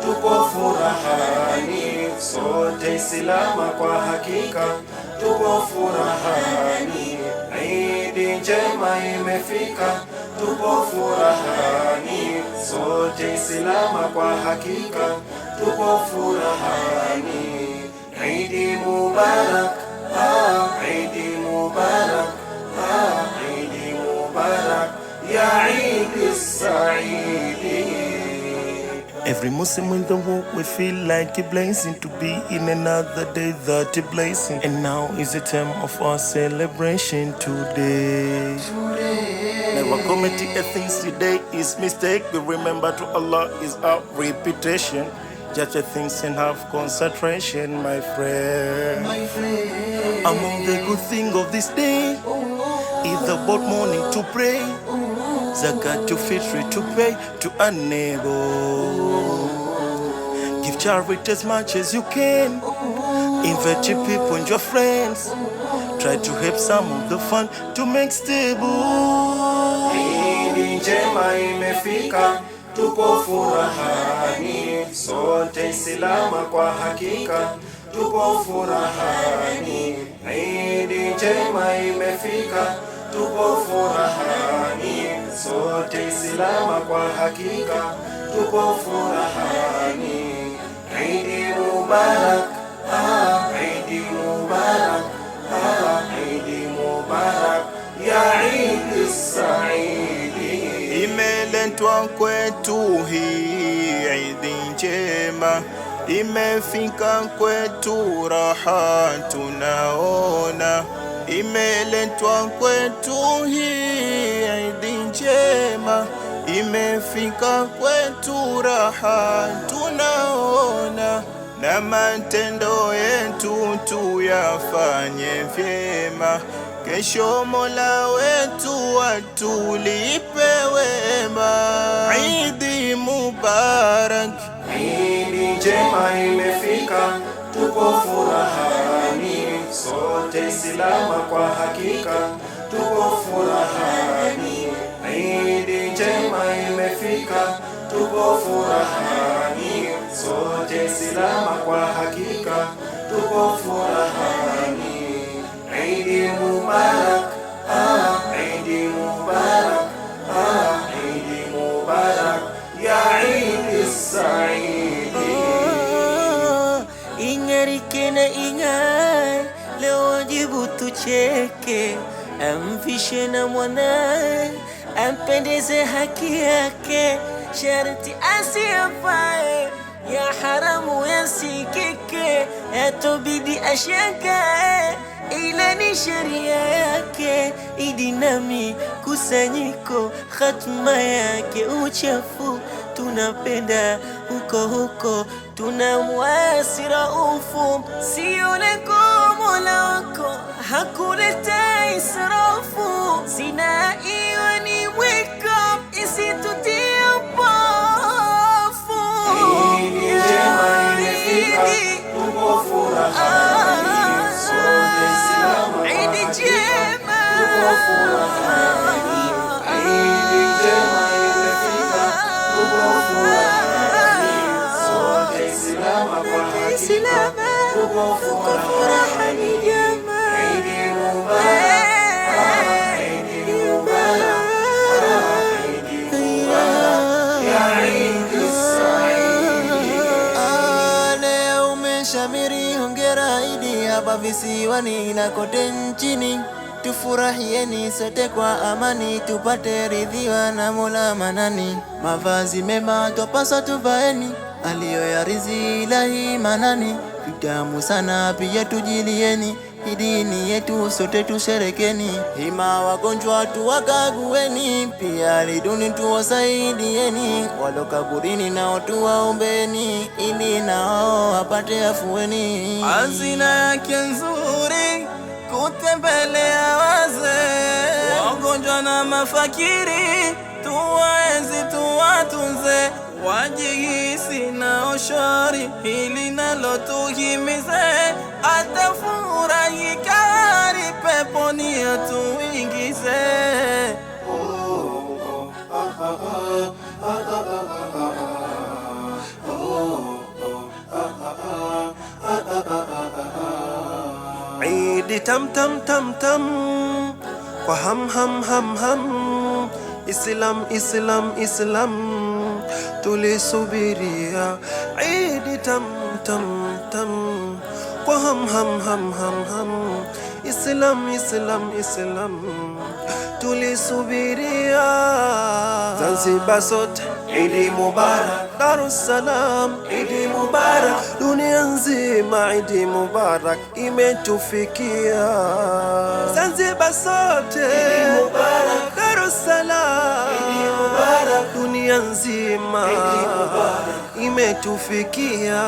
tuko furahani sote silama kwa hakika tuko furahani. Idi njema imefika, tuko furahani sote silama kwa hakika tuko furahani. Idi mubarak, ah, Idi mubarak, ah, Idi mubarak ya Idi saidi Every Muslim in the world we feel like a blessing to be in another day that a blessing. And now is the time of our celebration today. today. Never committing a thing today is mistake. We remember to Allah is our reputation. Judge the things and have concentration, my friend. My friend. Among the good thing of this day oh, oh, oh, is about morning to pray. Oh, zakat your fitri to pay to a neighbor. Give charity as much as you can. Invite your people and your friends. Try to help some of the fun to make stable. Idi njema imefika, tupo furahani sote, Islama kwa hakika tupo furahani. Idi njema imefika, tupo furahani sote silama kwa hakika tuko furahani. Idi Mubarak, ah, Idi Mubarak, ah, Idi Mubarak ya Idi Saidi, imeletwa kwetu hii Idi njema imefika kwetu raha tunaona imeletwa kwetu hii Idi njema, imefika kwetu raha tunaona, na matendo yetu tuyafanye vyema, kesho Mola wetu atulipe wema. Idi Mubarak, Idi njema imefika, tuko furaha sote silama kwa hakika tuko furahani, Idi njema imefika, tuko furahani, sote silama kwa hakika tuko furahani. cheke amvishe na mwanae, ampendeze haki yake, sharti asiyafae ya haramu yasikike, yatobidi ashakae, ila ni sheria yake, idi nami kusanyiko, khatma yake uchafu tunapenda huko huko, tunamwasi Raufu, sio leko Hakuletea israfu, sina iwe ni wake up isitutie upofu. Hii njema imefika, tuko furahani, sote simama haki, tuko furahani. Hii njema imefika, tuko furahani, sote simama kwa haki, tuko furahani. hapa visiwani na kote nchini, tufurahieni sote kwa amani, tupate ridhiwa na Mola Manani. Mavazi mema twapaswa tuvaeni, aliyoyarizi Ilahi Manani, vitamu sana pia tujilieni idini yetu sote tusherekeni, ima wagonjwa tuwakagueni, pia liduni tuwasaidieni, walokaburini nao tuwaombeni, ili nao wapate afueni. Hazina yake nzuri kutembelea wazee, wagonjwa na mafakiri, tuwaenzi tuwatunze wajihisi na ushari, hili nalotuhimize, atafurahi kari peponi atuingize. Idi tam tam tam tam kwa ham ham ham ham Islam Islam Islam tulisubiria Idi tam tam, kwa ham ham ham ham ham Islam Islam Islam tulisubiria Zanzibar sote Idi Mubarak, Dar es Salaam Idi Mubarak, dunia nzima Idi Mubarak imetufikia Zanzibar sote Idi Mubarak, Dar es Salaam dunia nzima imetufikia.